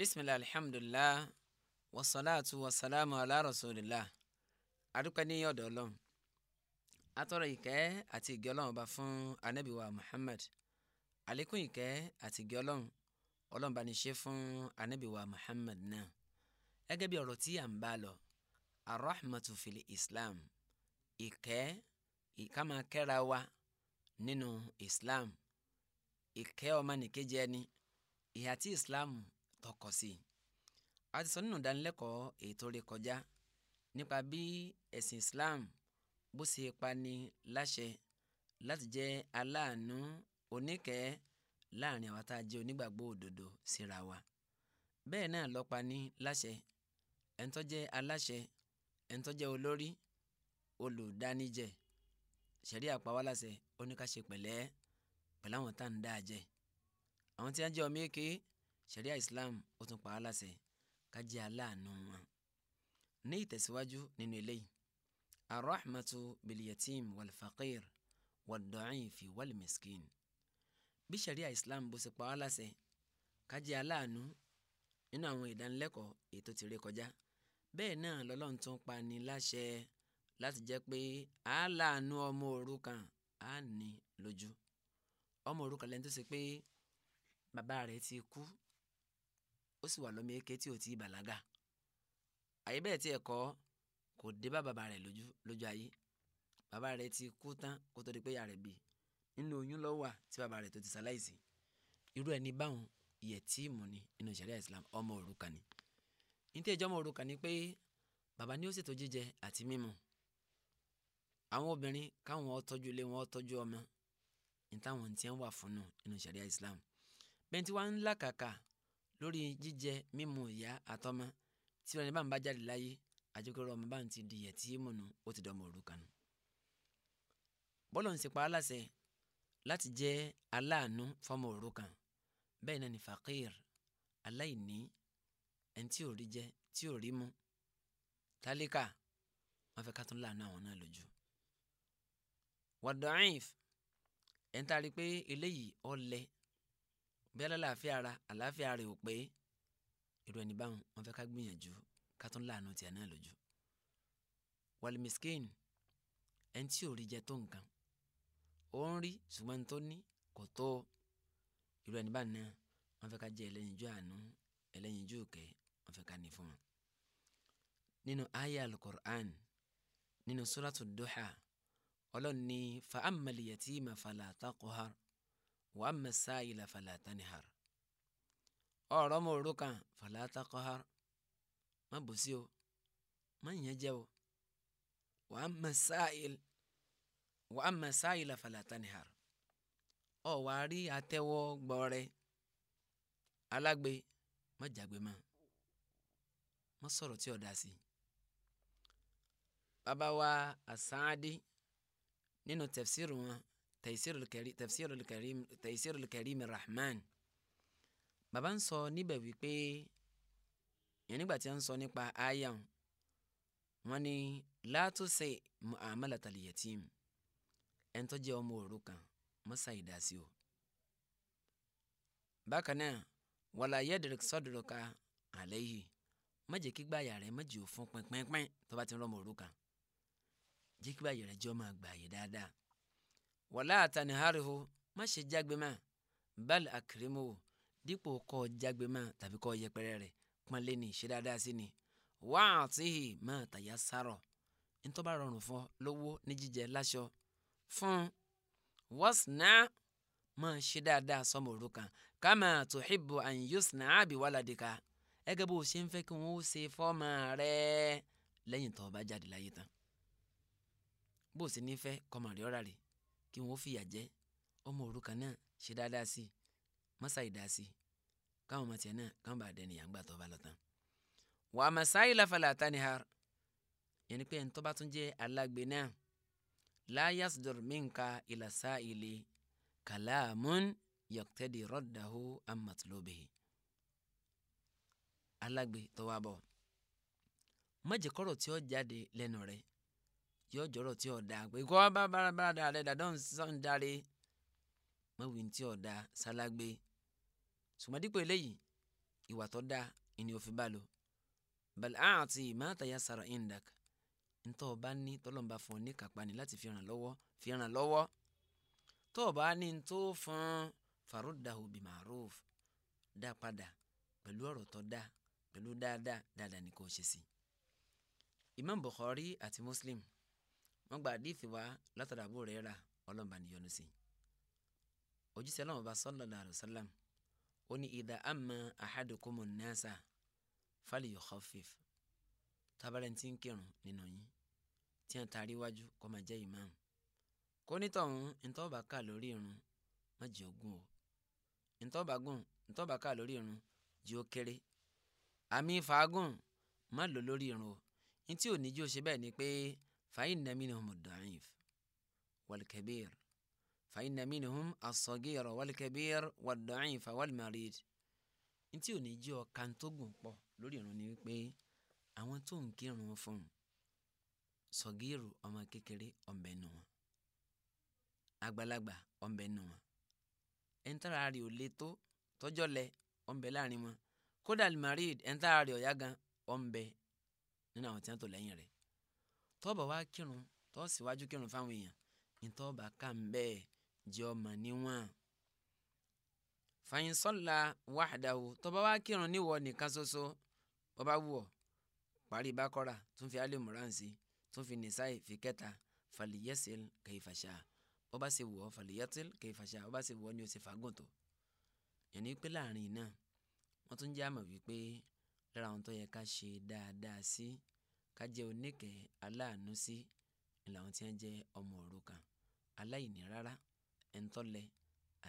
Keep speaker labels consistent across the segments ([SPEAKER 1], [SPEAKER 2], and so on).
[SPEAKER 1] bisimilahi alhamdulilah wasalaatu wasalaamu ala rasulillah adúpẹ́ ní ọ̀dọ̀ ọlọ́run atọ́rọ̀ ìkẹ́ àti ìgẹ́ ọlọ́run ọba fún anabiwa muhammad àlékún ìkẹ́ àti ìgẹ́ ọlọ́run ọlọ́run bá ní ṣe fún anabiwa muhammad náà gẹ́gẹ́ bí ọ̀rọ̀ tí à ń bá lọ arahmatu fili islam ìkẹ́ ìkàmà kẹ́ra wa nínú islam ìkẹ́ ọmọnìkejì ẹni ìhà tí islam tọkọ sí i a ti sọ nínú ìdánilẹ́kọ̀ọ́ ètò rẹ̀ kọjá nípa bí ẹ̀sìn Islam bó ṣe pani láṣẹ láti jẹ́ aláàánú oníkẹ́ láàrin àwa tá a jẹ́ onígbàgbọ́ òdodo síra wa bẹ́ẹ̀ náà ló pani láṣẹ ẹni tó jẹ́ aláṣẹ ẹni tó jẹ́ olórí olùdáníjẹ ṣẹ̀rí àpawáláṣẹ oníkàṣe pẹ̀lẹ́ pẹ̀lú àwọn tá à ń dá a jẹ àwọn tí wọ́n jẹ́ ọmọ èké sharia islam ó tún pa á láṣẹ ká jẹ́ aláàánú wọn. ní ìtẹ̀síwájú nínú eléyìí arahmatu biliyatim walfaqir wadọ̀ọ́yìnfi walmiskin bí sharia islam bó ṣe pa á láṣẹ ká jẹ́ aláàánú nínú àwọn ìdánilẹ́kọ̀ọ́ ètò ti ré kọjá bẹ́ẹ̀ náà lọ́lọ́run tún pa ni láṣẹ láti jẹ́ pé á láàánú ọmọ òrukàn á ní lójú ọmọ òrukàn lẹ́ni tó ṣe pé bàbá rẹ̀ ti kú ó sì wà lọ́mọ eke tí ò tí ì bàlágà àyè bẹ́ẹ̀ tí ẹ̀ kọ́ kò dé bá bàbá rẹ̀ lójú lójú ayé bàbá rẹ̀ ti kú tán kó tó di pé ìyá rẹ̀ bí nínú oyún ló wà tí bàbá rẹ̀ tó ti ṣaláìsí irú ẹni báwọn yẹtíìmù ni nínú ìṣẹ̀lẹ̀ Islam ọmọ òrukàn ni ní tí ìjọ ọmọ òrukàn ni pé bàbá ni ó ṣètò jíjẹ àti mímu àwọn obìnrin káwọn ọtọ́jú ilé wọn ọtọ́jú ọmọ ní táwọn ti ń wà fún nù nínú ìṣẹ̀lẹ̀ Islam bẹ́ẹ̀ tí wọ́n ń làkàkà lórí jíjẹ mímu ìyá àtọmọ tí wọn ní bá ń bá jáde láyé àjẹkọrọ ọmọ bá ń ti dìyẹ tí mò ń ó ti dọmọ òru kanu. bọ́lọ̀ ń sì pa aláṣẹ láti jẹ́ aláàánú fọmọ òru kan bẹ́ẹ̀ náà ni fakir aláìní ẹni tí ò rí jẹ tí ò rí mu tálíkà wọn fẹ́ ká tún láàánú àwọn náà lójú. wàdọ̀ọ́ìf ẹ̀ ń tari pé eléyìí ọ̀lẹ́ bí alálàáfíà ara àlàáfíà rẹ̀ ò pé irú ẹni báwọn wọn fẹ́ ká gbìyànjú ká tún láàánú tiẹ̀ náà lójú. wàlímìskín ẹni tí ò rí jẹ tó nǹkan ó ń rí ṣùgbọ́n tó ní kò tó irú ẹni báwọn náà wọn fẹ́ ká jẹ ẹlẹ́yinjú àánú ẹlẹ́yinjú òkè wọn fẹ́ ká ní fún wọn. nínú àyá alukur'an nínú suratu duha ọlọ́ni fa ammaliyati ma fala taqhar wà á mẹ́sà ilà fàlà tanihar ọ̀rọ̀ ọmọ òrukàn fàlà takọ́har má bò sí o má yẹn jẹ́ o wà á mẹ́sà il wà á mẹ́sà ilà fàlà tanihar ọ̀ wà á rí atẹ́wọ́ má má sọ̀rọ̀ tí ò dá sí bàbá wa nínú tẹ̀fsíìrù wọn tafsirul karim tafsirul karim rahman bàbá ń sọ níbẹ̀ wípé yẹn nígbà tí a ń sọ nípa aya wọn ni látúnṣe mu'amalatal yatim ẹni tó jẹ́ ọmọ òrukàn mọ́sá ìdásí o bákan náà wàlá yẹ́dìrìk sọ́dúnrúkà àlẹ́yìí má jẹ́ kí gbàyà rẹ̀ má jẹ́ òfun pínpínpín tó bá ti rọ́mọ òrukàn jẹ́ kí gbàyà rẹ̀ jẹ́ ọmọ àgbàyè dáadáa wala àtàníhàrìhó má ṣe jágbe bal akrimuhu dípò kọ́ jágbe tàbí kọ́ yẹpẹrẹ rẹ̀ pọ́nlé ní sí ni wá àtìhì tàyà sárọ̀ nítorí rọrùn fún lówó ní jíjẹ láṣọ fún wọ́sánà máa ṣe dáadáa sọmọ yusna waladika ẹgẹ bó o ṣe ń fẹ́ kí wọ́n ṣe fọ́ọ̀mà rẹ lẹ́yìn tó o bá jáde láyé tán bó o sì ní fẹ́ kí wọ́n fìyà jẹ ọmọ òrukàn náà ṣe dáadáa sí i mọ́sá ìdá sí i káwọn ọmọ tiẹ̀ náà káwọn bá dẹni yàn tó bá lọ tán. wà á masáyì láfàlà àtàníhàr yẹn ni pé ẹni tó bá tún jẹ́ alágbe náà láyàs dọ̀rọ̀mìnkà ìlàsá ilé kàlámùn yọ̀tẹ́dì rọ́dàhó amatulóbe alágbe tó wá bọ̀ má jẹ́ kọ́rọ̀ tí ó jáde lẹ́nu rẹ̀ yóò jọ̀rọ̀ tí ọ̀dà pé kọ́ bá bárabára dára rẹ̀ dàdán sàn dáre mọ̀wé tí ọ̀dà sálágbé ṣùgbọ́n dípò eléyìí ìwà tó dáa ìní òfin bá lò bàlẹ́ àti ìmáàtàyà sàrọ̀ indak ntọ́ ọba ní tọ́lọ́mba fún ọ ní kápáni láti fi ràn lọ́wọ́ fi ràn lọ́wọ́ tó ọba ní tó fún farudahu bimaruf dá padà pẹ̀lú ọ̀rọ̀ tó dáa pẹ̀lú dáadáa dáadáa ni kò ṣe sí. Imam Bukhari àti Muslim wọ́n gba àdìsí wa látara Abu Huraira ọlọ́mọba níyọnu sí i ojúṣe aláwọ̀ bá sallallahu alaihi wasallam ó ní idha amma ahadukumu nasa falyukhaffif tábàrẹ̀ tí ń kírun nínú yín tí a taari wájú kó máa jẹ́ ìmáàmù kó nítọ̀hún ntọ́ba ká lórí irun má jẹ́ ogún o ntọ́ba gùn ntọ́ba ká lórí irun jẹ́ ó kéré àmì fàágùn má lò lórí irun o ntí ò ní jí ṣe bẹ́ẹ̀ ni pé. Pe فإن منهم الضعيف والكبير فإن منهم الصغير والكبير والضعيف والمريض ntí òní jẹ́ ọ̀kan tó gùn pọ̀ lórí ìrun ni wípé àwọn tó ń kírun fún sọ̀gírù ọmọ kékeré ọ̀bẹ nù wọn àgbàlagbà ọ̀bẹ nù wọn ẹ̀ńtàrà rẹ̀ ò le tó tọ́jọ́ lẹ ọ̀bẹ láàrin wọn kódà marid ẹ̀ńtàrà rẹ̀ ọ̀yá gan ọ̀bẹ nínú àwọn tí wọ́n tó lẹ́yìn rẹ̀ tọ́ọ̀bà wá kírun tọ́ọ̀ síwájú kírun fáwọn èèyàn ìtọ́ọ̀bà kà ń bẹ́ẹ̀ jẹ́ ọmọ níwọ̀n. fàyín sọ́la wàhádàwò tọ́ọ̀bà wá kírun níwọ̀ nìkan ṣoṣo bọ́bá wù ọ́ parí bákọ́ra tún fi alẹ́ mùrán sí tún fi nìsáì fi kẹta fàlìyẹ́sìl kẹfàṣà bọ́bá sì wù ọ́ fàlìyẹ́sìl kẹfàṣà bọ́bá sì wù ni o sì fàgùn tó. yẹn ni pé láàrin náà wọ́n tún jẹ́ àmọ̀ wípé lára àwọn tó yẹ ká ṣe dáadáa sí ká jẹ́ oníkẹ́ aláàánú sí làwọn tí wọ́n jẹ́ ọmọ òrukàn aláìní rárá ẹ̀ńtọ́lẹ̀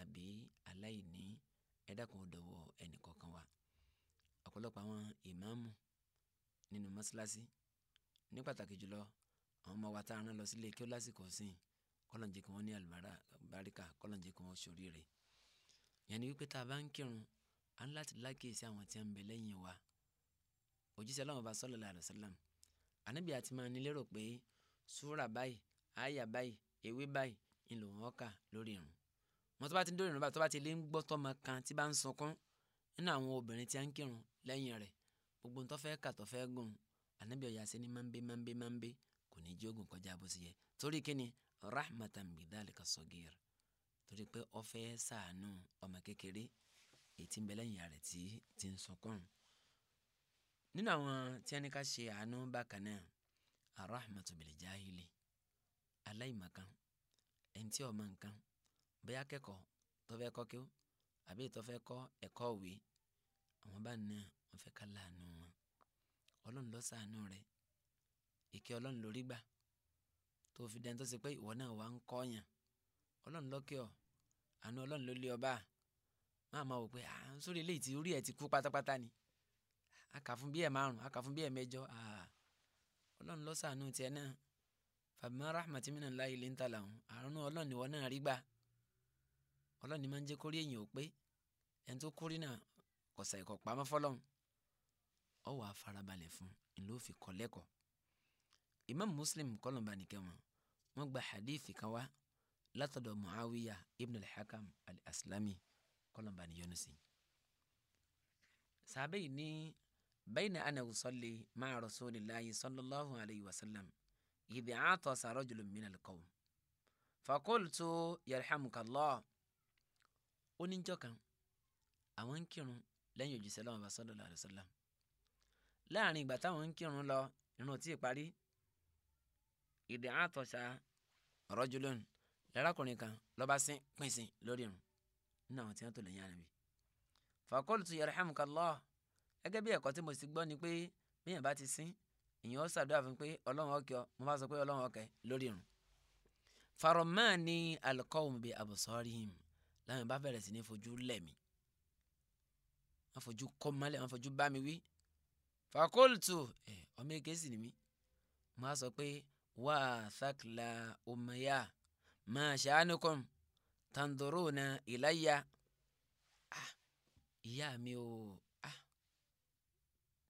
[SPEAKER 1] àbí aláìní ẹ̀dàkùn ọ̀dọ̀wọ̀ ẹnìkọ̀ọ̀kan wa ọ̀pọ̀lọpọ̀ àwọn ìmáàmù nínú mọ́ṣáláṣí ní pàtàkì jùlọ àwọn ọmọ wa tá a rán lọ sílé kí ó lásìkò sìn kọ́lọ̀njẹ́ kí wọ́n ní àlùbáríkà kọ́lọ̀njẹ́ kí wọ́n ṣoríire yẹn ni wípé tá a bá ń kírun á ń láti lákèésí àwọn tí wọ́n ń bẹ lẹ́yìn wa òjíṣẹ́ aláwọ̀ bá sallallahu alaihi ànábì àti máa ní lérò pé súrà báyìí àyà báyìí ewé báyìí ńlò wọn kà lórí irun wọn tó bá ti dórí irun bá tó bá ti lé ń gbọ́ tọ́mọ kan tí bá ń sunkún nínú àwọn obìnrin tí a ń kírun lẹ́yìn rẹ̀ gbogbo ń tọ́fẹ́ kà tọ́fẹ́ gùn ànábì ọ̀yà sí ni máńbé máńbé máńbé kò ní jí ogun kọjá bó ti yẹ torí kíni rahmatan bidhalika sọgìr torí pé ó fẹ́ ṣàánú ọmọ kékeré èyí ń bẹ lẹ́yìn rẹ̀ tí ti ń sunkún nínú àwọn tí wọ́n ní ká ṣe àánú bákan náà arahmatu bil jahili aláìmọ̀kan ẹni tí ò mọ nǹkan bóyá kẹ́kọ̀ọ́ tó fẹ́ kọ́ kí ó àbí tó fẹ́ kọ́ ẹ̀kọ́ òwe àwọn bá ní wọ́n fẹ́ ká láàánú wọn ọlọ́run ló ṣàánú rẹ ìkẹ́ ọlọ́run lórí gbà tó fi dẹ́n tó ṣe pé ìwọ náà wà ń kọ́yàn ọlọ́run lọ́kẹ́ ọ àánú ọlọ́run ló lé ọ bá máa ma wò pé à ń sórí eléyìí tí orí ẹ̀ ti kú pátápátá ni aka fún bíi ẹ̀ márùn aka fún bíi ẹ̀ mẹ́jọ ọlọ́run ló ṣàánú tiẹ̀ náà fàbímọ́ rahmat mina láyé lè ń ta làwọn àrùn ọlọ́run ìwọ náà rí gbà ọlọ́run ni máa ń jẹ́ kórí èyàn ò pé ẹni tó kórí náà kọ̀sà ẹ̀kọ́ pamọ́ fọlọ́run ọ wà fún un ló fi kọ́ lẹ́kọ̀ọ́ imam muslim kọlọmba nìkẹ́ wọn wọ́n gba hadithi kan wá látọ̀dọ̀ muawiya ibn al-hakam al-aslami kọlọmba nìyọnu sí i ní bayna ana usalli ma'a rasulillahi sallallahu alayhi wa sallam ibi atasa rajulun minal qawm fakultu yarhamukallah oníjọ́ kan àwọn ń kírun lẹ́yìn òjíṣẹ́ lọ́wọ́ bá sallallahu alayhi wa sallam láàrin ìgbà táwọn ń kírun lọ irun tí ì parí ìdí àtọ̀ṣà rajulun lárakùnrin kan lọ́ba sín pínsín lórí irun nínú àwọn tí wọ́n tó lè yára bi fakultu yarhamukallah gẹ́gẹ́ bí ẹ̀kọ́ tí mo sì gbọ́ ni pé bí èèyàn bá ti sín èèyàn ó ṣàdúrà fún pé ọlọ́run ọkẹ́ ọ mo bá sọ pé ọlọ́run ọkẹ́ lórí irun. faromani alqawm bi absorihim làwọn bá bẹ̀rẹ̀ sí ní fojú lẹ̀ mí wọ́n fojú kọ́ mọ́lẹ̀ wọ́n fojú bá mi wí. fakultu ẹ ọmọ èké sì ni mí mo á sọ pé wà á sákìlà òmìyà máa ṣàánúkọ́m tàǹdọ̀rọ̀ na ìláyà ìyá mi ò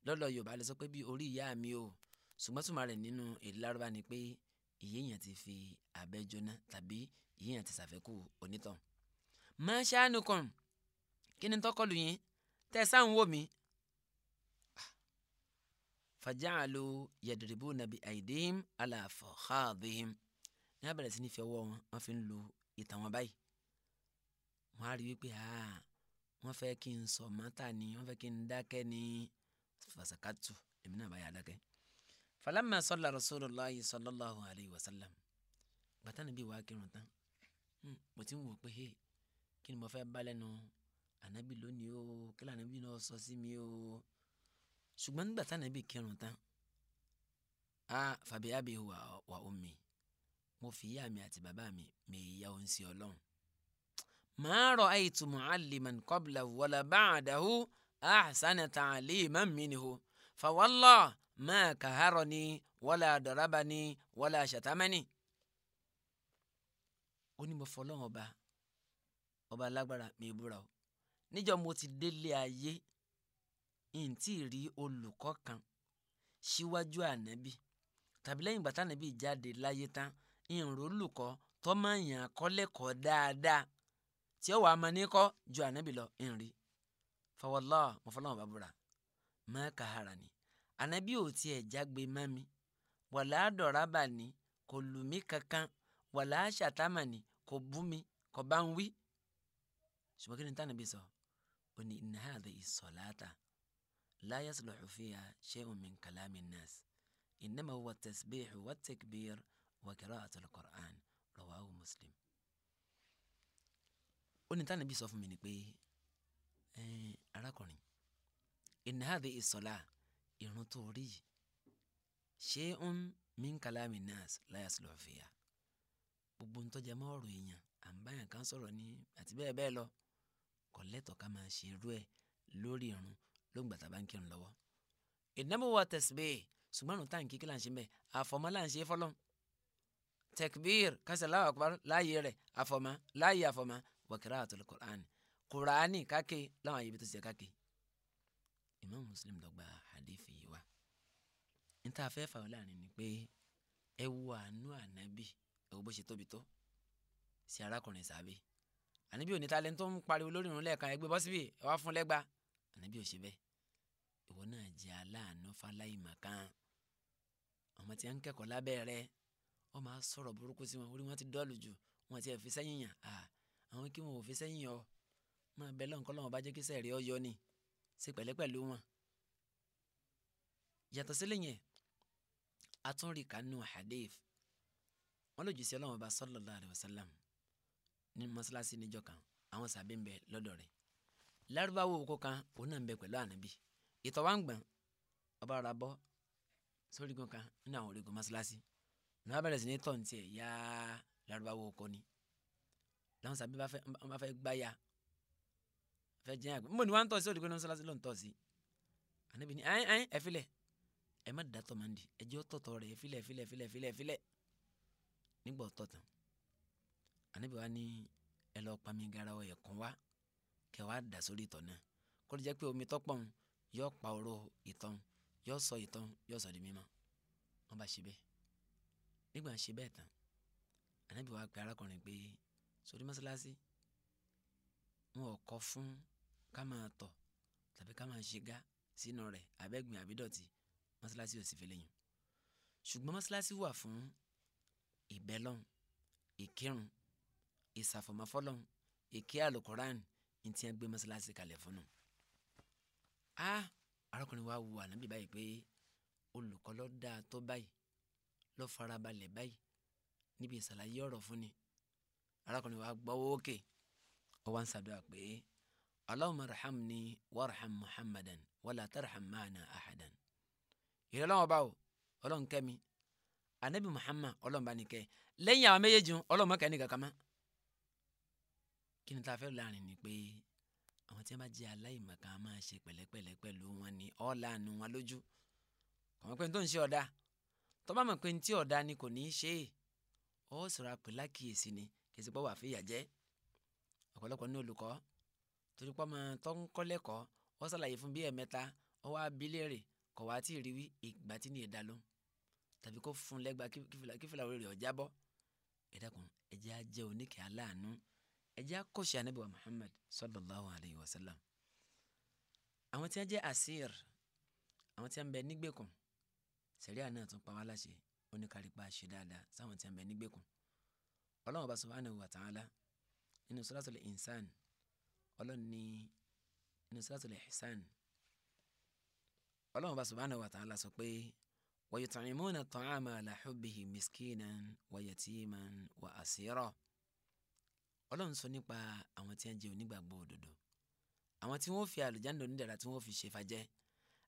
[SPEAKER 1] lọ́lọ́ yorùbá lè sọ pé bí orí ìyá mi o ṣùgbọ́n túmọ̀ rẹ̀ nínú èdè lárúbá ni pé ìyéèyàn ti fi abẹ́ jóná tàbí ìyéèyàn ti ṣàfẹ́kù onítàn. má ṣáánú kan kí ni tọkọlù yín tẹ sáwọn wò mí. Ah. fàjáàlú yadribu nàbí àìdíhìm aláfọ xaadíhìm ní abẹ́rẹ́ sí ní fi ọwọ́ wọn wọ́n fi ń lu ìtàn wọn báyìí. wọ́n á rí wípé wọ́n fẹ́ kí n sọ mọ́tà ni wọ́n fẹ́ kí n dákẹ́ ni. Ah, fasakatu èmi náà bá yà dákẹ́. falamma salla rasulullahi sallallahu alayhi wa sallam bàtà níbi wàá kírun tán mo ti ń wò pé hey kí ni mo fẹ́ bá lẹ́nu ànábì lónìí o kí lóò ànábì náà sọ sí mi o ṣùgbọ́n nígbà tá ànábì kírun tán a fàbí àbí wà wà omi mo fi ìyá mi àti bàbá mi mi ìyá òun sí ọlọ́run. ma ra'aytu mu'alliman qablahu wala ba'dahu ahsana ta'liman minhu fa wallahi ma kaharani wala darabani wala shatamani. ó ní mo fọlọ́hàn ọba ọba alágbára mi búra o níjọ́ mo ti délé ayé n tí ì rí olùkọ́ kan síwájú ànábì tàbí lẹ́yìn gbàtà ànábì jáde láyé tán ìrò olùkọ́ tọ́mọ̀yàn akọ́lẹ́kọ̀ọ́ dáadáa tí ó wàá máa ní kọ́ ju ànábì lọ ìrìn fọwọ́lá mọ̀fọ́lọ́wọ́n bá búra má kàhárà ni ànábì ò tiẹ̀ jágbe má mi wàlá dọ̀rá bà ní kò lù mí kankan wàlá ṣàtàmà ní kò bú mi kò bá ń wí. ṣùgbọ́n kí ni táwọn ẹbí sọ ó ní inna hadhihi salata la yasluhu fiha shay'un min kalami an-nas innama huwa at-tasbihu wat-takbir wa qira'atul Qur'an rawahu Muslim. ó ní táwọn ẹbí sọ fún mi ni pé arákùnrin inna hadhihi salah irun tó rí yìí shay'un min kalami nas la yaslu fiha gbogbo ń tọ́jà mọ́ ọ̀rọ̀ èèyàn à ń báyàn kan sọ̀rọ̀ ní àti bẹ́ẹ̀ bẹ́ẹ̀ lọ kò lẹ́tọ̀ọ́ ká máa ṣe irú ẹ̀ lórí irun ló ń gbàtà bá ń kírun lọ́wọ́ innamu wa tasbih ṣùgbọ́n àrùn táǹkì kí là ń ṣe mẹ́ àfọ̀mọ́ là ń ṣe fọlọ́ takbir kásẹ̀ láwà láàyè rẹ̀ àfọ̀mọ́ láàyè àfọ̀mọ́ wa qira'atul Qur'an kùránì káke láwọn àyè ibi tó ti yẹ káke Imam Muslim ló gba hadith yìí wá níta fẹ́ fà ọ́ láàrin ni pé ẹ wo àánú ànábì ẹ wo bó ṣe tóbi tó sí arákùnrin sàbẹ̀ ànábì òní talẹ̀ tó ń pariwo lórí ìrún lẹ́ẹ̀kan ẹgbẹ́ bọ́ síbi ẹ wá fún lẹ́gba ànábì ò ṣe bẹ́ẹ̀ ìwọ náà jẹ́ aláàánú fáláìmọ̀ kan ọmọ tí wọ́n ń kẹ́kọ̀ọ́ lábẹ́ rẹ wọ́n máa sọ̀rọ̀ burúkú sí wọn orí wọn ti dọ́ọ̀lù jù wọn ti ẹ̀ fi sẹ́yìn yàn àwọn kí wọn ò fi sẹ́yìn yàn ọ́ máa bẹ lọ́n kọ́ lọ́wọ́ bá jẹ́ kí sẹ́ẹ̀rí ọyọ ni ṣe pẹ̀lẹ́ pẹ̀lú wọn. yàtọ̀ sílẹ̀ yẹn atúnrí kanu hadith wọn lòdì sí ọlọ́wọ́ bá sallallahu alaihi wasallam ní mọ́ṣáláṣí níjọ́ kan àwọn sàbẹ̀ ń bẹ lọ́dọ̀ rẹ̀ lárúbáwò oko kan òun náà ń bẹ pẹ̀lú ànábì ìtọ̀ wa ń gbọ̀n ọba ara bọ́ sórígun kan nínú àwọn òrígun mọ́ṣáláṣí ní wọn bẹ̀rẹ̀ sí ní tọ̀ ní tiẹ̀ yá lárúbáwò oko ni làwọn sàbẹ̀ bá fẹ́ gbáya fẹ́ jẹ́ àgbẹ̀ mbọ̀ ni wọ́n ń tọ́ sí olùkọ́ ní mọ́sálásí ló ń tọ́ sí ànábì ni ẹ́n ẹ́n ẹ̀fílẹ̀ ẹ má dà tọ́ máa ń di ẹjẹ́ ó tọ̀tọ̀ rẹ̀ ẹ̀fílẹ̀ ẹ̀fílẹ̀ nígbà ọ̀tọ̀ tán ànábì wa ní ẹ lọ pa mi gara ọ̀yẹ̀ kan wá kẹ wá dà sórí ìtọ̀ náà kó lè jẹ́ pé omi tọ́pọ̀ ń yọ pa oró ìtọ̀n yọ sọ ìtọ̀n yọ sọ di mímọ́ wọ́n bá ṣe bẹ́ẹ̀ nígbà ṣe bẹ́ẹ̀ tán ànábì wa pe arákùnrin pé sórí mọ́sálásí wọn ò kọ́ fún ká máa tọ̀ tàbí ká máa ṣe gá sínú rẹ̀ abẹ́gbìn àbídọ̀tí mọ́ṣáláṣí ò sì fi léyìn ṣùgbọ́n mọ́ṣáláṣí wà fún ìbẹ́lọ́n ìkírun ìsàfọ̀mọ́fọ́lọ́n ìké àlùkòrán ìtì ẹgbẹ́ mọ́ṣáláṣí kalẹ̀ fún un. a arákùnrin wa wo ànábì báyìí pé olùkọ́ ló dáa tó báyìí ló farabalẹ̀ báyìí níbi ìsàlàyé ọ̀rọ̀ fún ni arákùnrin wa gbọ́wọ́ òkè ó wá ń ṣàdúrà pé Allahumma rahamni warham muhammadan wala tarham maana ahadan. ìrẹ́ lọ́wọ́ báwo ọlọ́run kẹ́mi anabi muhammad ọlọ́run bá ní kẹ́ lẹ́yìn àwọn méjèèjì ọlọ́run mọ́kà ní kankan mọ́. kí ni tá a fẹ́ láàrin ni pé àwọn tí wọ́n bá jẹ́ aláìmọ̀ká máa ṣe pẹ̀lẹ́pẹ̀lẹ́ pẹ̀lú wọn ni ọ̀làánú wọn lójú àwọn pé n tó ń ṣe ọ̀dà tó bá mọ̀ pé n tí ọ̀dà ni kò ní í ṣe é ó sọ̀rọ̀ àpè lákìyèsí torí pọ́mọ tó ń kọ́ lẹ́kọ̀ọ́ wọ́n ṣàlàyé fún bí ẹ̀mẹ́ta ó wá abílẹ̀ rè kọ̀ wá tí ì rí wí ìgbà tí ní ẹ̀dá ló tàbí kó fún lẹ́gba kífìlà orí rẹ̀ ọ̀já bọ́ ẹ̀dàkùn ẹ̀jẹ̀ ajẹ́ oníkẹ́ aláàánú ẹ̀jẹ̀ akọ́ṣẹ́ anábì wa Muhammad sallallahu alayhi wa sallam àwọn tí wọ́n jẹ́ asir àwọn tí wọ́n bẹ nígbèkùn sẹ̀ríà náà tún pa wá láṣẹ oníkàrípa ṣe dáadáa sáwọn tí wọ́n bẹ nígbèkùn Ọlọ́hun bá subhanahu wa ta'ala nínú suratul insan ọlọ́run ní inú suratul Ihsan ọlọ́run bá subhanahu wa ta'ala sọ pé wa yut'imuna at'ama ala hubbihi miskinan wa yatiman wa asira ọlọ́run sọ nípa àwọn tí wọ́n jẹ́ onígbàgbọ́ òdodo àwọn tí wọ́n fi àlùjáde onídàra tí wọ́n fi ṣe fàjẹ́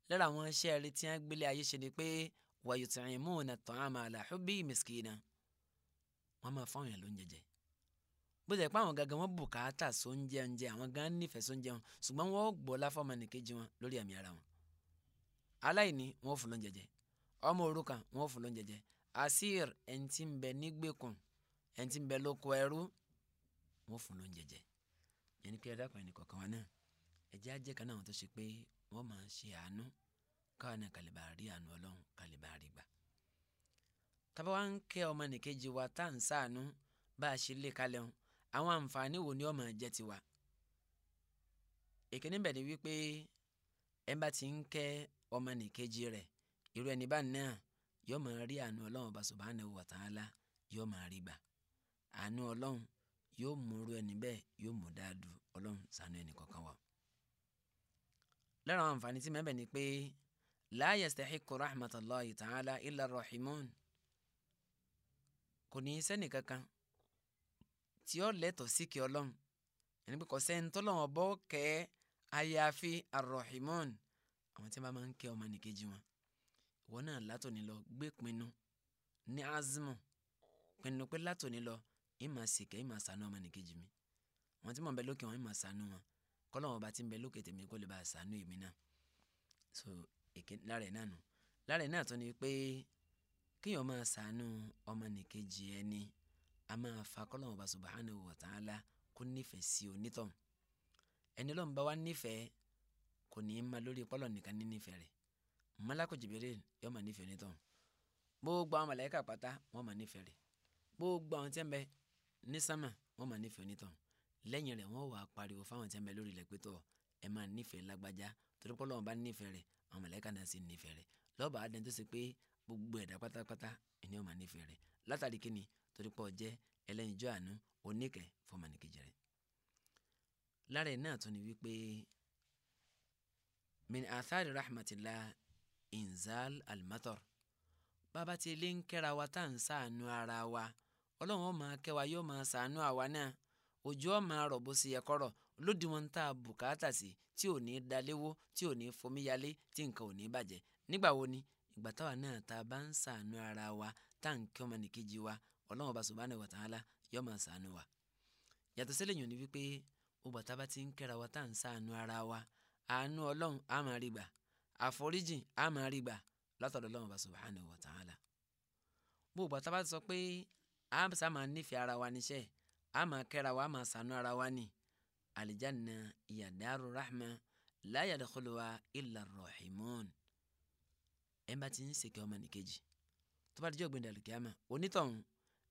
[SPEAKER 1] lára àwọn iṣẹ́ rẹ̀ tí wọ́n gbélé ayé ṣe ni pé wa yut'imuna at'ama ala hubbihi miskinan wọ́n máa fáwọn yẹn lóúnjẹ jẹ bó ṣe pé àwọn gangan wọn bùkátà sóúnjẹ oúnjẹ àwọn gan nífẹ̀ẹ́ sóúnjẹ wọn ṣùgbọ́n wọn ò gbọ́ láfọmọnìkejì wọn lórí ẹ̀mí ara wọn aláìní wọn ò fún lóúnjẹ jẹ ọmọ òrukàn wọn ò fún lóúnjẹ jẹ asir ẹni tí ń bẹ nígbèkùn ẹni tí ń bẹ lóko ẹrú wọn ò fún lóúnjẹ jẹ yẹnni pé ẹdá kan ẹnì kọ̀ọ̀kan wa náà ẹjẹ́ ajẹ́ kan náà wọn tó ṣe pé wọ́n máa ṣe àánú káwọn náà kàlẹ́ bá rí àánú ọlọ́run àwọn àǹfààní wo ni ó máa jẹ́ tiwa ìkíní bẹ̀ ni wípé ẹ bá ti ń kẹ́ ọmọnìkejì rẹ̀ irú ẹni bá náà yóò máa rí àánú ọlọ́run ọba subhanahu wa ta'ala yóò máa rí gbà àánú ọlọ́run yóò mú irú ẹni bẹ́ẹ̀ yóò mú dáadu ọlọ́run ṣàánú ẹni kọ̀ọ̀kan wa. lára àwọn àǹfààní tí mẹ́bẹ̀ ni pé la yastahiqqu rahmatallahi ta'ala illa rahimun kò ní sẹ́nì kankan tí ó lẹ́tọ̀ọ́ sí kí ọlọ́run ẹni pé kò sẹ́ni tó lọ́wọ́ bọ́ kẹ́ àyàfi arọ̀hìmọ́n àwọn tí wọ́n máa ń kẹ́ ọmọ nìkejì wọn ìwọ náà látòní lọ gbé pinnu ní azimu pinnu pé látòní lọ ìmà sìkẹ́ ìmà sànú ọmọ nìkejì mi àwọn tí mò ń bẹ lókè wọn ìmà sànú wọn kọ́lọ́wọ́n bá ti ń bẹ lókè tèmi kó lè bá sànú èmi náà so èké lára ẹ̀ náà nù lára ẹ̀ náà tó ni pé kéèyàn máa sànú ọmọ nìkejì ẹni ama máa fa kọ́lọ́wọ́n bá subhanahu wa ta'ala kó nífẹ̀ẹ́ sí onítọ̀hún ẹni lọ́n bá wá kò ní ma lórí pọ́lọ̀ nìkan ní nífẹ̀ẹ́ rẹ̀ malako jibiri yóò máa nífẹ̀ẹ́ onítọ̀hún gbogbo àwọn màláíkà pátá wọ́n máa nífẹ̀ẹ́ rẹ̀ gbogbo àwọn tí ń bẹ ní sámà wọ́n máa nífẹ̀ẹ́ onítọ̀hún lẹ́yìn rẹ̀ wọ́n wà á pariwo fáwọn tí ń bẹ lórí ilẹ̀ pé tọ̀ ẹ máa nífẹ̀ẹ́ lágbájá torí pọ́lọ́wọ́n bá nífẹ̀ẹ́ rẹ̀ àwọn màláíkà náà sì nífẹ̀ẹ́ rẹ̀ lọ́ọ̀bà adẹ́n tó gbogbo ẹ̀dá torí pé ó jẹ́ ẹlẹ́yinjú àánú oníkẹ́ fọmọnìkejì rẹ̀ lára ẹ̀ náà tún ni wípé min athari rahmatillah inzal almator bàbá tí ilé ń kẹ́ra wa tá à ń sàánú ara wa ọlọ́run ó máa kẹ́ wa yóò máa sàánú àwa náà òjò ó rọ̀ bó ṣe yẹ kọ́rọ̀ lódiwọ̀n tá a bùkátà sí tí ò ní daléwó tí ò ní fomíyalé tí nǹkan ò ní bàjẹ́ nígbà wo ni ìgbà táwa náà tá a bá ń sàánú ara wa tá à ń kẹ́ ọmọnìkejì wa ọlọ́run ọba subhanahu wa ta'ala yọ máa ṣàánú wa yàtọ̀ sílẹ̀ yòó ni wípé ọgbà tábà ti ń kẹ́ra wa tá à ń ṣàánú ara wa àánú ọlọ́run á máa rí gbà àforíjìn á máa rí gbà látọ̀dọ̀ ọlọ́run ọba subhanahu wa ta'ala gbogbo àtàbà sọ pé a sá máa nífẹ̀ẹ́ ara wa níṣẹ́ a máa kẹ́ra wa a máa ṣàánú ara wa ni alijanna iyadaru rahma la yadkhuluha illa rahimun ẹ bá ti ń ṣèké ọmọ nìkejì tó bá dijọ́ gbẹ̀dẹ̀ àlùkìyàmà onítọ̀hún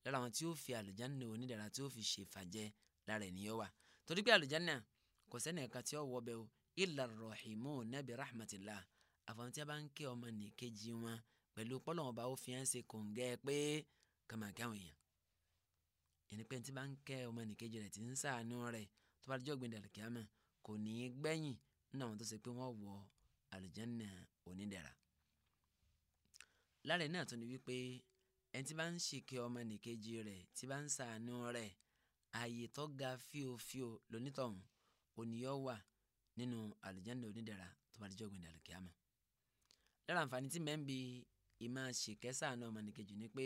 [SPEAKER 1] lára àwọn tí ó fi àlùjáná onídàra tí ó fi ṣe fàjẹ lára ènìyàn wa torí pé àlùjáná kò sẹ́ni ẹ̀ka tí ó wọ bẹ́ẹ̀ o illa ar-rahimun bi rahmatillah àfọ̀n tí a bá ń ké ọmọ nìkejì wọn pẹ̀lú pọ́lọ́wọ́n bá ó fi hàn ṣe kòǹgẹ́ pé kàmákì àwọn èèyàn ẹni pé tí bá ń kẹ́ ọmọ nìkejì rẹ̀ ti ń ṣàánú rẹ̀ tó bá dijọ́ gbẹ̀dẹ̀ ẹni tí bá ń ṣìkẹ́ ọmọnìkejì rẹ̀ tí bá ń ṣàánú rẹ̀ ààyè tó ga fíofío lónítọ̀hún òníyọ́ wà nínú àlùjáde onídàra tó bá dijọ́ gbìndàlù kíámà lára àǹfààní tí mẹ́ńbi ìmọ̀ ṣìkẹ́ ṣàánú ọmọnìkejì ni pé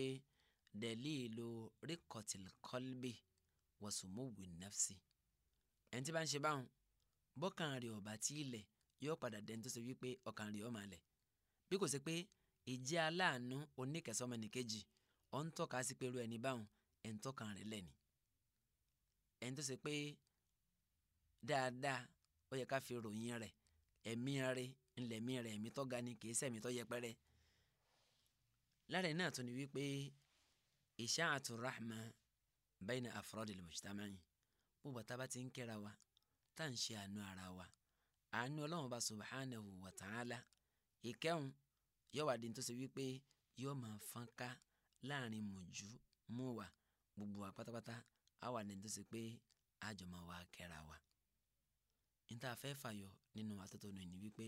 [SPEAKER 1] dẹ̀lí ìlú ríkọ̀tìlkọ́lbì wọ̀sùnmùwì nẹ́fṣì ẹni tí bá ń ṣe báwọn bọ́kàn rẹ̀ ọ̀bà tí ilẹ̀ yóò padà dẹni tó ṣe wípé ọkàn rẹ̀ ọ̀ máa bí kò ṣe pé ìjẹ́ aláàánú oníkẹsọ́mọnìkejì ọ̀ ń tọ́ka sí pé irú ẹni báwọn ẹ̀ ń tọ́ka rẹ̀ lẹ́ni ẹni tó ṣe pé dáadáa ó yẹ ká fi ròyìn rẹ̀ ẹ̀mí rẹ̀ ńlẹ̀mí rẹ̀ ẹ̀mí tó ga ni kì í ṣẹ̀mí tó yẹpẹrẹ lára náà tó ni wípé ìṣáàtú rahma bayna afrodil mujtama'i bùbá tá a bá ti ń kẹ́ra wa tá à ń ṣe àánú ara wa àánú ọlọ́run bá subhanahu wa ta'ala ìkẹ́hùn yóò wá di tó ṣe wípé yóò máa fọ́n ká láàrin mọ̀jú mú wa gbogbo wa pátápátá a wà ní tó ṣe pé àjọmọ̀ wa kẹ́ra wa. níta fẹ́ fàyọ nínú atótónu ni wípé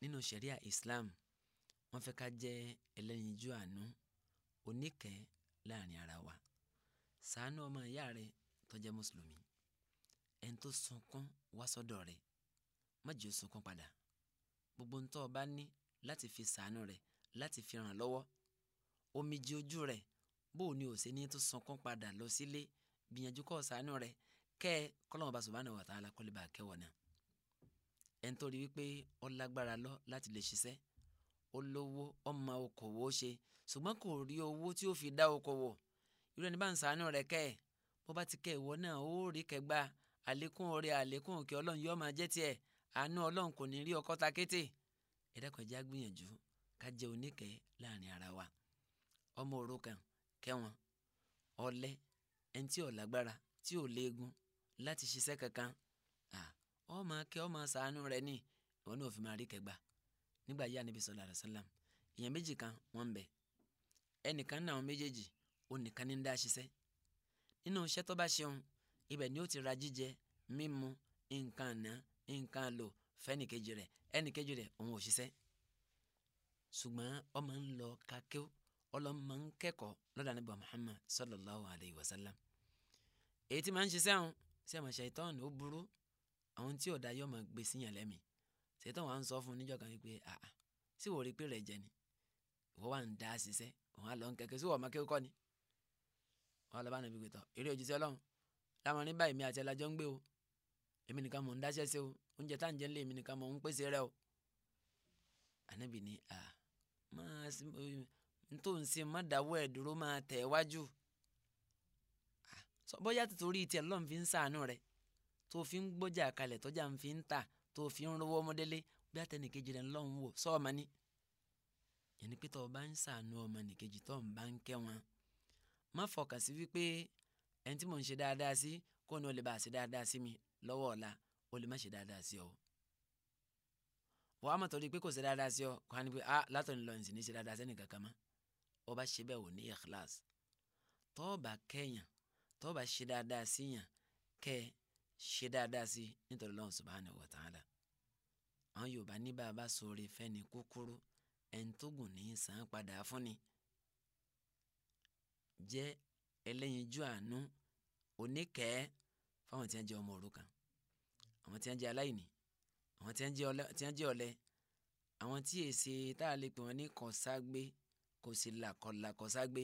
[SPEAKER 1] nínú ṣẹ̀ríà Islam wọ́n fẹ́ ká jẹ́ ẹlẹ́yinjú àánú oníkẹ́ láàrin ara wa ṣàánú ọmọ ìyá rẹ tó jẹ́ mùsùlùmí ẹni tó sunkún wá sọ́dọ̀ rẹ̀ má jẹ́ ó sunkún padà gbogbo ntọ́ ọba ní láti fi ṣàánú rẹ̀ láti fi ràn lọ́wọ́ omijì ojú rẹ̀ bó o ní òsè ní tó sunkún padà lọ sílé gbìyànjú kọ́ ṣàánú rẹ̀ kẹ́ kọ́lọ́mù bá subhanahu wa ta'ala kọ́lébà kẹwọ̀ náà ẹ̀ ń torí wípé ó lágbára lọ láti lè ṣiṣẹ́ ó lówó ó mọ okòwò ṣe ṣùgbọ́n kò rí owó tí ó fi dá okòwò irú ẹni bá ń ṣàánú rẹ̀ kẹ́ ẹ̀ bó bá ti kẹ́ ìwọ náà ó rí kẹgbà àlékún oore àlékún òkè ọlọ́run yóò máa jẹ́ tiẹ̀ àánú ọlọ́run kò ní rí ọkọ́ kété ẹ̀dá kan já gbìyànjú ká jẹ́ oníkẹ́ láàrin ara wa ọmọ òrukàn kẹwọn ọ̀lẹ ẹni tí ò lágbára tí ò léegun láti ṣiṣẹ́ kankan ọmọ kẹ ọmọ ṣàánú rẹ ní ìwọ náà fi máa rí kẹgbà nígbà yá níbi sọlá àlùsálàm èèyàn méjì kan wọ́n ń bẹ ẹnìkan náà méjèèjì ó nìkan ní ń dá ṣiṣẹ́ nínú iṣẹ́ tó bá ṣeun ibẹ̀ ni ó ti ra jíjẹ mímu nǹkan àná nǹkan lò fẹ́nìkejì rẹ̀ ẹnìkejì rẹ̀ òun ò ṣiṣẹ́ ṣùgbọ́n ọmọ ń lọ kakíw ọlọ́mọ ń kẹ́kọ̀ọ́ lọ́dọ̀ Muhammad sallallahu alayhi wa sallam èyí tí máa ń ṣiṣẹ́ àwọn sẹ́mọ̀ ṣàìtọ́n ó burú àwọn tí ọ̀dà yóò máa gbé síyàn lẹ́mìí ṣàìtọ́n wa ń sọ fún un níjọ́ kan pé àà sí wò rí pé rẹ̀ jẹ ni ìwọ wà ń dá ṣiṣẹ́ òun á lọ ń kẹ́kẹ́ sí wọ́n ọmọ kéwọ́ kọ́ ni wọ́n lọ bá nàbí pé tọ́ eré òjíṣẹ́ ọlọ́run láwọn ní báyìí mi àti ẹlẹ́jọ́ ń gbé o èmi nìkan mò ń dáṣẹ́ sí o oúnjẹ tá à ń jẹ́ ńlẹ̀ èmi nìkan mò ń pèsè rẹ o ànábì ni à máa nítorí ń ṣe má dáwọ́ ẹ̀ dúró máa tẹ̀ wájú ah, bóyá tìtorí tiẹ̀ lọ́n fi ń sàánú rẹ̀ tó fi ń gbọ́jà kalẹ̀ tọ́jà ń fi ń tà tó fi ń rówó ọmọdélé bí àtẹnìkejì rẹ̀ lọ́n wò sọ́ọ̀mà ni yẹnni pé tó bá ń sàánú ọmọ nìkejì tó bá ń kẹ́ wọn má fọkàn sí wípé ẹni tí mò ń ṣe dáadáa sí kó ní o lè bá a ṣe dáadáa sí mi lọ́wọ́ ọ̀la o lè má ṣe dáadáa sí ọ wọ́n á mọ̀ torí pé kò ṣe dáadáa sí ọ kó a ní pé ah látọ̀ ní lọ́yìn sí ní ṣe dáadáa sẹ́nìkankan mọ́ ọba ṣe bẹ́ẹ̀ ò ní ikhlas tọ́ọ̀bà kẹ́yàn tọ́ọ̀bà ṣe dáadáa sí yàn kẹ́ ṣe dáadáa sí nítorí Ọlọ́hun subhanahu wa ta'ala àwọn Yorùbá ní bàbá sóore fẹ́ni kúkúrú ẹni tó gùn ní sàn padà fún ni jẹ́ ẹlẹ́yinjú àánú oníkẹ́ẹ́ fáwọn tí wọ́n jẹ́ ọmọ òrukàn àwọn tí wọ́n jẹ́ aláìní àwọn tí wọ́n jẹ́ ọ̀lẹ àwọn tí èsì tá a lè pè wọ́n ní kọ̀ọ̀ságbé kó sì làkọ̀làkọ̀ ságbé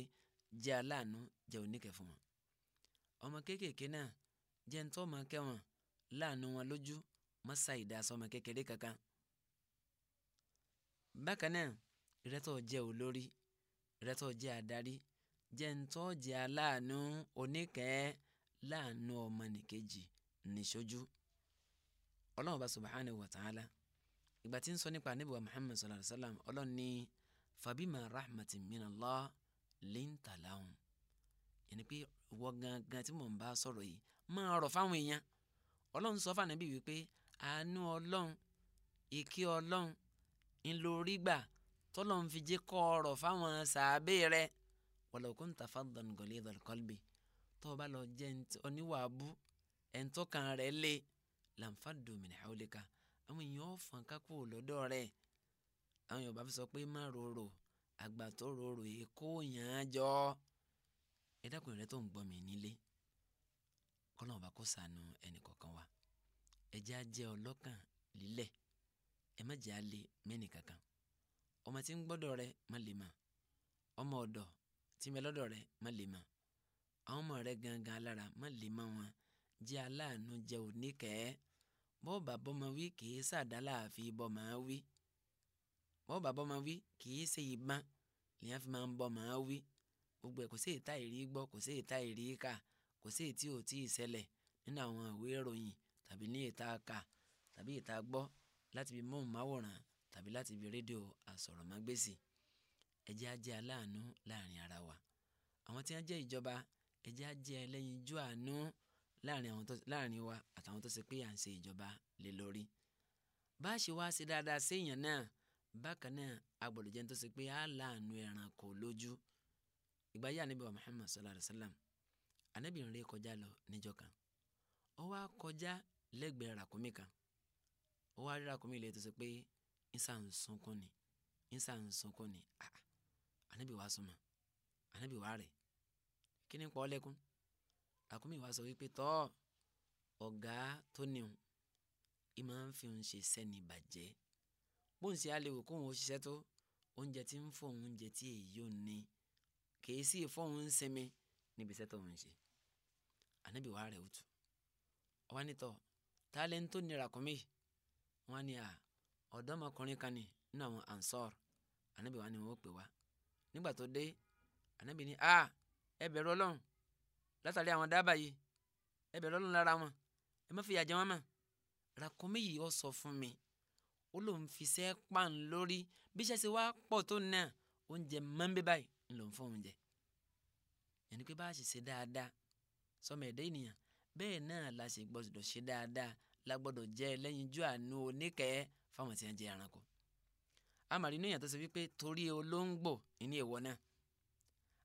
[SPEAKER 1] jẹ́ aláàánú jẹ́ oníkẹ́ fún wọn. ọmọ kéékèèké náà jẹ́ ń tọ́ ọmọ kẹwọn láàánú wọn lójú má ṣàìdá sọmọ kékeré kankan. bákan náà ìrẹ́tọ̀ jẹ́ olórí ìrẹ́tọ̀ jẹ́ adarí jẹ́ ń tọ́ jẹ́ aláàánú oníkẹ́ láàánú ọmọnìkejì nìṣojú. ọlọ́run bá subhanahu wa ta'ala ìgbà tí ń sọ nípa ànábì wa Muhammad sallallahu alayhi wa sallam ọlọ́run ní fabima rahmatin minallah linta lahum yẹni pé wọ gangan tí mò ń bá sọ̀rọ̀ yìí máa rọ̀ fáwọn èèyàn ọlọ́run sọ fún ànábì wípé àánú ọlọ́run ìkí ọlọ́run ńlórí gbà tọ́lọ́run fi jẹ́ kọ́ ọ̀rọ̀ fáwọn sàábẹ́ rẹ̀ walau kunta faddan ghalidhal qalbi tó o bá lọ jẹ́ oníwà abú ẹ̀ńtọ́kàn lé lamfaddu àwọn èèyàn ò fọ́n ká kúrò àwọn Yorùbá fi sọ pé má rorò àgbà tó rorò yìí kó yàn án jọ ẹ dákun rẹ tó ń gbọ́ mi nílé kọ́nà ọba kó sànù ẹnì kọ̀ọ̀kan wa ẹ jẹ́ ajẹ́ ọlọ́kàn lílẹ̀ ẹ má jẹ́ alẹ́ mẹ́nì kankan ọmọ tí ń gbọ́dọ̀ rẹ má lè mà ọmọ ọ̀dọ̀ tí ń bẹ lọ́dọ̀ rẹ má lè mà àwọn ọmọ rẹ gangan alára má lè mà wọn jẹ́ aláàánú jẹ́ oníkẹ́ẹ́ bọ́ọ̀bà bọ́mọ wí kìí sàdá láàfin bọ́mọ wí wọ́n bá bọ́ máa wí kì í ṣe ìbọn lèyàn fi máa ń bọ́ máa wí gbogbo ẹ̀ kò sí ìta ìrí gbọ́ kò sí ìta ìrí kà kò sí ètí ò tí ì ṣẹlẹ̀ nínú àwọn ìwé ìròyìn tàbí ní ìta kà tàbí ìta gbọ́ láti bí móhùnmáwòrán tàbí láti bí rédíò àsọ̀rọ̀mágbèsì ẹ jẹ́ á jẹ́ aláàánú láàrin ara wa àwọn tí wọ́n jẹ́ ìjọba ẹ jẹ́ á jẹ́ àánú láàrin wa àtàwọn tó ṣe pé à ń ṣe ìjọba lé lórí bá a ṣe wá ṣe dáadáa séèyàn náà bákan náà agbọ́dọ̀ jẹ́ tó ṣe pé á láàánú ẹranko lójú ìgbà yà níbi wa Muhammad sallallahu alayhi wa sallam anábìrin rẹ̀ kọjá lọ níjọ́ kan ó wá kọjá lẹ́gbẹ̀ẹ́ ràkúnmí kan ó wá rí ràkúnmí ilé tó ṣe pé ìsà ń sunkún ni ìsà ń sunkún ni ah anábì wa súnmọ́ anábì wa rẹ̀ kí ni pọ́ lẹ́kún ràkúnmí wa sọ wípé tọ́ ọ̀gá tó níhun ìmọ̀ ń fi ń ṣe sẹ́ni bàjẹ́ bóun ṣe alẹ́ wò kóun ó ṣiṣẹ́ tó oúnjẹ tí ń fóun oúnjẹ tí èyí ò ní kìí sí fóun ń sinmi níbi iṣẹ́ tó ń ṣe ànábì wàá rẹ̀ òtù ọwá nítọ̀ tálẹ̀ ń tó nira kún mi wọn ni à ọ̀dọ́mọkùnrin kan ní nínú àwọn ansọ́ọ̀rù ànábì wàá ni wọn ó pè wá nígbà tó dé ànábì ni a ẹ bẹ̀rù ọlọ́run látàrí àwọn dábàá yìí ẹ bẹ̀rù ọlọ́run lára wọn ẹ má fìyà jẹ wọn mọ́ ràkúnmí yìí ó sọ fún mi ó lòun fi sẹ́ pa ń lórí bí iṣẹ́ ṣe wá pọ̀ tó náà oúnjẹ mọ́nbé báyìí ń lòun fún oúnjẹ ẹni pé bá a ṣe ṣe dáadáa sọmọ ẹ̀dá ènìyàn bẹ́ẹ̀ náà la ṣe gbọ́dọ̀ ṣe dáadáa la gbọ́dọ̀ jẹ́ ẹlẹ́yinjú àánú oníkẹ́ fáwọn tí wọ́n jẹ́ ẹranko àmàrí inú èèyàn tó ṣe wípé torí olóńgbò ní èèwọ̀ náà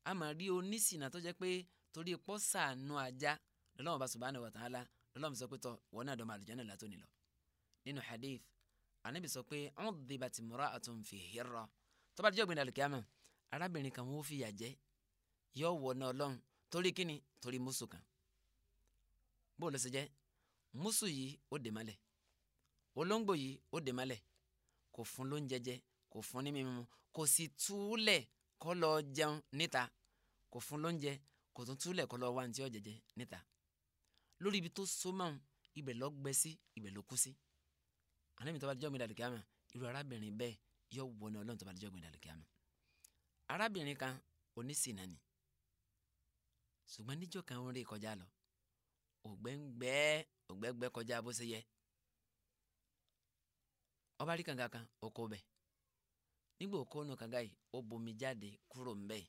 [SPEAKER 1] àmàrí onísìnà tó jẹ́ pé torí pọ́sàánú ajá lọ́lọ́wọ́n bá subhanahu wa sọ pé tọ́ wọ́n náà dọ́mọ àlùjànnà látòní lọ nínú hadith anabi sọ pé ọ̀n dìbà tí mura àtún fi hìrọ̀ tó bá dijọ́ gbẹ̀dẹ̀ àlùkìyàmọ̀ arábìnrin kan wọ́n fìyà jẹ yọ wọ̀ náà lọ́n torí kíni torí mùsù kan bó ló ṣe jẹ́ mùsù yìí ó dè malẹ̀ olóńgbò yìí ó dè malẹ̀ kò fún lóúnjẹ jẹ kò fún ní mímu kò sì túlẹ̀ kó lọ jẹun níta kò fún lóúnjẹ kò tún túlẹ̀ kó lọ wá ní tí ó níta lórí ibi tó so mọ́ ibẹ̀ ló gbẹ sí ibẹ̀ ló kú sí. Si anami tó bá dijọ́ gbé dàlùkì àmà irú arábìnrin bẹ́ẹ̀ yọ wọ ní ọlọ́run tó bá dijọ́ gbé dàlùkì àmà arábìnrin kan oníṣìnà ni ṣùgbọ́n níjọ́ kan ń rí kọjá lọ ògbẹ́ngbẹ́ ògbẹ́gbẹ́ kọjá bó ṣe yẹ ọba rí kànga kan oko bẹ̀ nígbà oko nù kànga yìí ó bomi jáde kúrò ńbẹ̀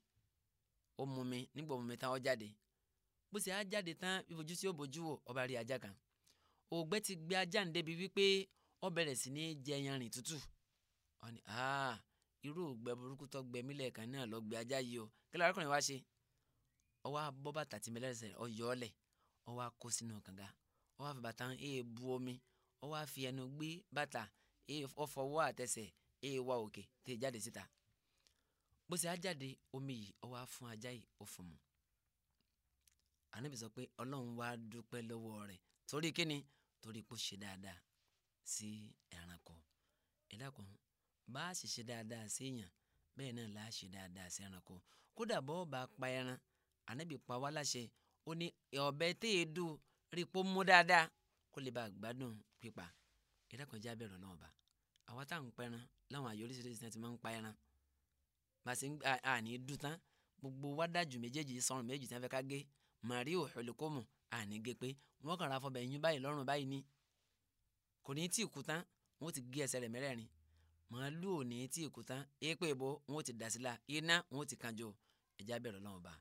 [SPEAKER 1] ó mumi nígbà mumi tán ó jáde bó ṣe á jáde tán bíbojú sí òbojú wò ọba rí ajá kan ògbẹ́ ti gbé ajá ń débi wípé ó bẹ̀rẹ̀ sí ní jẹ yanrìn tútù ó ní aa irú ìgbẹ́ burúkú tó gbẹ mí lẹ́ẹ̀kan náà lọ gbé ajá yìí o kí lárakùnrin wá ṣe ó wá bọ́ bàtà tí mẹlẹ́sẹ̀ ó yọ ọ́ lẹ̀ ó wá kó sínú kànga ó wá fi bàtà ee bu omi ó wá fi ẹnu gbé bàtà ee ó fọwọ́ àtẹsẹ̀ ee wá òkè tè jáde síta bó ṣe á jáde omi yìí ó wá ajá yìí ó fún mu ànábì sọ pé ọlọ́run wá dúpẹ́ lọ́wọ́ rẹ̀ torí kíni torí kó ṣe dáadáa sí ẹranko ẹ dákun bá a sì ṣe dáadáa séèyàn bẹ́ẹ̀ náà là á ṣe dáadáa sí ẹranko kódà bọ́ bá pa ẹran ànábì pa wá láṣẹ ó ní ọ̀bẹ tẹ́ ẹ dù rí i pé mú dáadáa kó lè bá a gbádùn pípa ẹ dákun já bẹ̀rù náà bá àwa tá à ń pẹran láwọn àyè oríṣiríṣi náà ti máa ń pa ẹran bá a ṣe ń àní dùn tán gbogbo wádàjù méjèèjì sọrùn méjèèjì tí wọn fẹ́ ká gé màrí òhùlùkọ́mù àní gé pé wọ́n kàn ra fọbẹ̀ yín báyìí lọ́rùn báyìí ní kò ní tí ì kú tán wọ́n ti gé ẹsẹ̀ rẹ̀ mẹ́rẹ̀ẹ̀rin màálù ò ní tí ì kú tán èèpè ìbò wọ́n ti dà iná wọ́n ti kanjọ ẹ̀já bẹ̀rẹ̀ lọ́wọ́ bá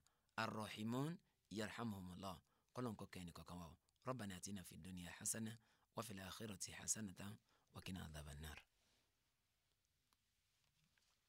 [SPEAKER 1] arrahimun yarhamuhumullah kọ́lọ̀ nǹkan kẹ́ni kankan wà rabbana atina fid dunya hasana wa fil akhirati hasanatan wa qina adhaban nar.